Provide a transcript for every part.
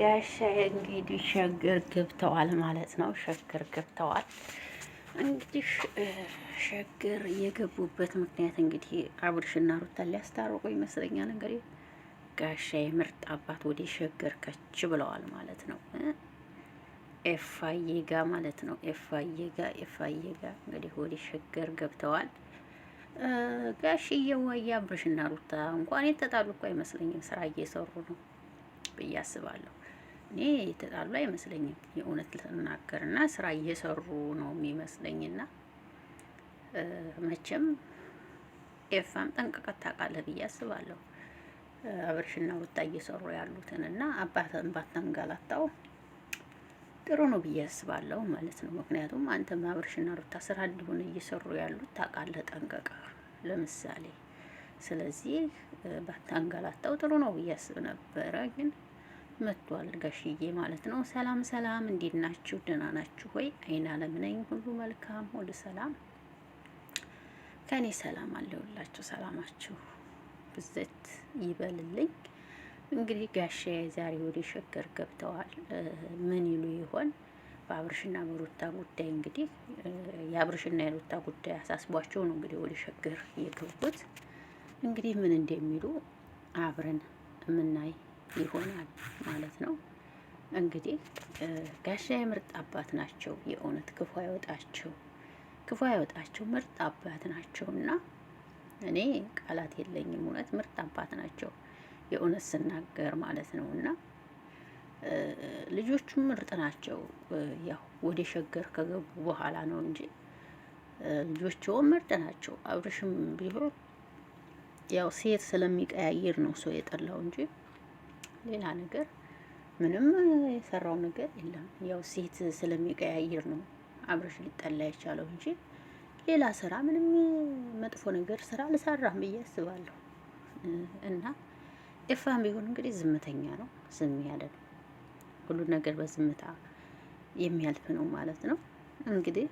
ጋሻ እንግዲህ ሸገር ገብተዋል ማለት ነው። ሸገር ገብተዋል እንግዲህ ሸገር የገቡበት ምክንያት እንግዲህ አብርሽና ሩታ ሊያስታርቁ ይመስለኛል። እንግዲህ ጋሻ የምርጥ አባት ወደ ሸገር ከች ብለዋል ማለት ነው። ኤፋዬ ጋ ማለት ነው። ኤፋዬ ጋ ኤፋዬ ጋ እንግዲህ ወደ ሸገር ገብተዋል። ጋሽዬ ዋዬ አብርሽና ሩታ እንኳን የተጣሉ እኮ አይመስለኝም፣ ስራ እየሰሩ ነው ብዬ አስባለሁ። እኔ የተጣሉ አይመስለኝም። የእውነት ልናገርና ስራ እየሰሩ ነው የሚመስለኝና መቼም ኤፋም ጠንቅቀት ታውቃለህ ብዬ አስባለሁ። አብርሽና ወጣ እየሰሩ ያሉትንና አባትን ባታንጋላታው ጥሩ ነው ብዬ አስባለሁ ማለት ነው። ምክንያቱም አንተም አብርሽና ሩታ ስራ እንዲሆን እየሰሩ ያሉት ታውቃለህ ጠንቀቀ ለምሳሌ። ስለዚህ ባታንጋላታው ጥሩ ነው ብዬ አስብ ነበረ ግን መጥቷል ጋሽዬ ማለት ነው። ሰላም ሰላም፣ እንዴት ናችሁ? ደህና ናችሁ ወይ አይን አለም ነኝ። ሁሉ መልካም፣ ሁሉ ሰላም። ከእኔ ሰላም አለውላችሁ። ሰላማችሁ ብዘት ይበልልኝ። እንግዲህ ጋሼ ዛሬ ወደ ሸገር ገብተዋል። ምን ይሉ ይሆን? በአብርሽና በሩታ ጉዳይ እንግዲህ የአብርሽና የሩታ ጉዳይ አሳስቧቸው ነው እንግዲህ ወደ ሸገር የገቡት። እንግዲህ ምን እንደሚሉ አብረን የምናይ ይሆናል ማለት ነው። እንግዲህ ጋሻ የምርጥ አባት ናቸው። የእውነት ክፉ አይወጣቸው፣ ክፉ አይወጣቸው። ምርጥ አባት ናቸው እና እኔ ቃላት የለኝም። እውነት ምርጥ አባት ናቸው። የእውነት ስናገር ማለት ነው እና ልጆቹም ምርጥ ናቸው። ያው ወደ ሸገር ከገቡ በኋላ ነው እንጂ ልጆችዎ ምርጥ ናቸው። አብርሽም ቢሆን ያው ሴት ስለሚቀያየር ነው ሰው የጠላው እንጂ ሌላ ነገር ምንም የሰራው ነገር የለም። ያው ሴት ስለሚቀያይር ነው አብረሽ ሊጠላ የቻለው እንጂ ሌላ ስራ ምንም መጥፎ ነገር ስራ አልሰራም ብዬ አስባለሁ። እና ኤፋም ቢሆን እንግዲህ ዝምተኛ ነው፣ ዝም ያለ ነው። ነገር በዝምታ የሚያልፍ ነው ማለት ነው። እንግዲህ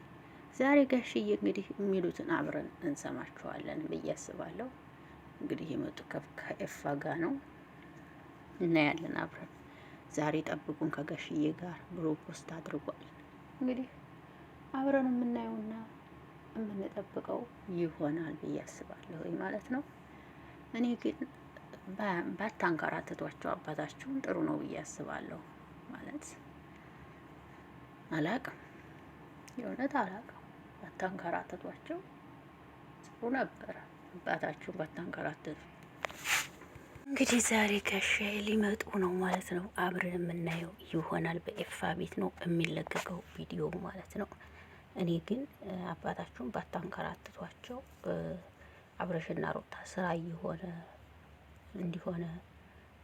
ዛሬ ጋሽዬ እንግዲህ የሚሉትን አብረን እንሰማቸዋለን ብዬ አስባለሁ። እንግዲህ የመጡ ከኤፋ ጋ ነው። እናያለን አብረን። ዛሬ ጠብቁን ከጋሽዬ ጋር ብሎ ፖስት አድርጓል። እንግዲህ አብረን የምናየውና የምንጠብቀው ይሆናል ብዬ አስባለሁ ማለት ነው። እኔ ግን ባታንከራትቷቸው አባታችሁን ጥሩ ነው ብዬ አስባለሁ ማለት አላቅም፣ የእውነት አላቅም። ባታንከራትቷቸው ጥሩ ነበረ። አባታችሁን ባታንከራትቱ እንግዲህ ዛሬ ጋሼ ሊመጡ ነው ማለት ነው። አብረን የምናየው ይሆናል። በኤፋ ቤት ነው የሚለቀቀው ቪዲዮ ማለት ነው። እኔ ግን አባታችሁን ባታንከራትቷቸው አብረሽና ሮታ ስራ እየሆነ እንዲሆነ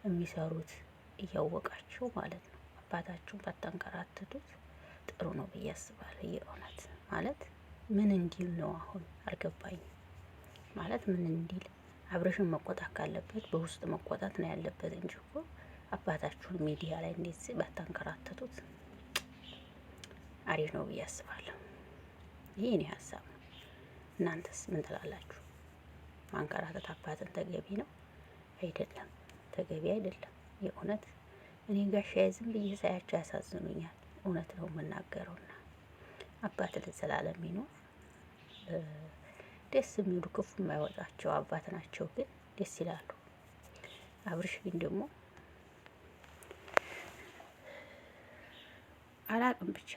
የሚሰሩት እያወቃችሁ ማለት ነው። አባታችሁን ባታንከራትቱት ጥሩ ነው ብዬ አስባለሁ። የእውነት ማለት ምን እንዲል ነው አሁን አልገባኝም። ማለት ምን እንዲል አብረሽን መቆጣት ካለበት በውስጥ መቆጣት ነው ያለበት እንጂ እኮ አባታችሁን ሚዲያ ላይ እንዴት ባታንከራተቱት አሪፍ ነው ብዬ አስባለሁ። ይሄ እኔ ሀሳብ ነው። እናንተስ ምን ትላላችሁ? ማንከራተት አባትን ተገቢ ነው አይደለም? ተገቢ አይደለም። የእውነት እኔ ጋሻ ዝም ብዬ ሳያቸው ያሳዝኑኛል። እውነት ነው የምናገረውና አባት ለዘላለም ይኖር። ደስ የሚሉ ክፉ የማይወጣቸው አባት ናቸው፣ ግን ደስ ይላሉ። አብርሽ ግን ደግሞ አላቅም ብቻ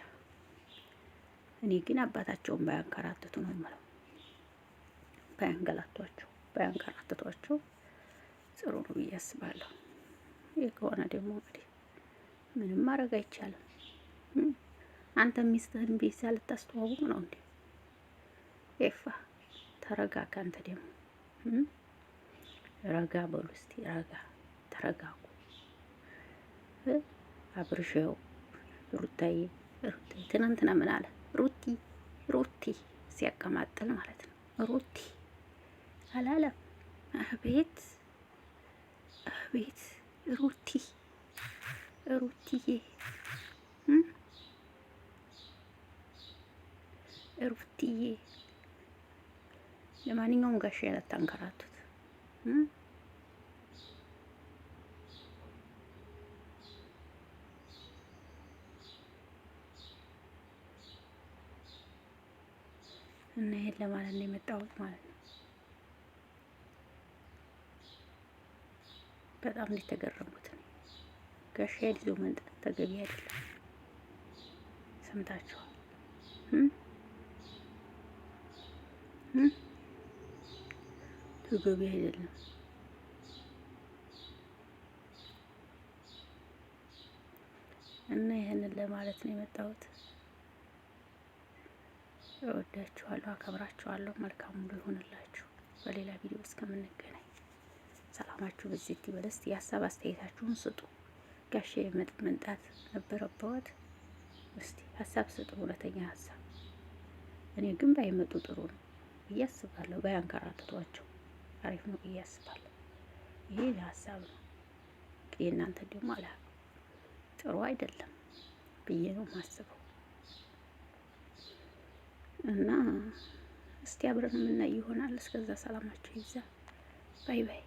እኔ ግን አባታቸውን ባያንከራትቱ ነው የምለው። ባያንገላቷቸው፣ ባያንከራትቷቸው ጥሩ ነው ብዬ አስባለሁ። ይህ ከሆነ ደግሞ እንግዲህ ምንም ማድረግ አይቻልም። አንተ ሚስትህን ቤት ሳልታስተዋውቅ ነው እንዴ ኤፋ ተረጋጋ። አንተ ደግሞ ረጋ በሉ እስቲ ረጋ፣ ተረጋጉ። አብርሽው ሩታዬ፣ ሩቲ ትናንትና ምን አለ? ሩቲ ሩቲ ሲያቀማጥል ማለት ነው። ሩቲ አላለም። አቤት አቤት፣ ሩቲ ሩቲዬ፣ ሩቲዬ ለማንኛውም ጋሻ ያላታንከራቱት እና ይሄን ለማለት ነው የመጣሁት ማለት ነው። በጣም ነው የተገረሙት። ጋሻ ይዞ መንጣት ተገቢ አይደለም። ሰምታችኋል። ተገቢ አይደለም። እና ይህንን ለማለት ነው የመጣሁት። እወዳችኋለሁ፣ አከብራችኋለሁ። መልካም ሙሉ ይሆንላችሁ። በሌላ ቪዲዮ እስከምንገናኝ ሰላማችሁ በዚህ በለስት የሀሳብ አስተያየታችሁን ስጡ። ጋሼ መምጣት ነበረበት። እስቲ ሀሳብ ስጡ፣ እውነተኛ ሀሳብ። እኔ ግን ባይመጡ ጥሩ ነው ብዬ አስባለሁ። ባያንከራትቷቸው አሪፍ ነው እያስባል። ይሄ ለሀሳብ ነው እንግዲህ እናንተ ደግሞ አላ ጥሩ አይደለም ብዬ ነው ማስበው እና እስቲ አብረን የምናይ ይሆናል። እስከዛ ሰላማችሁ ይዛ ባይ ባይ።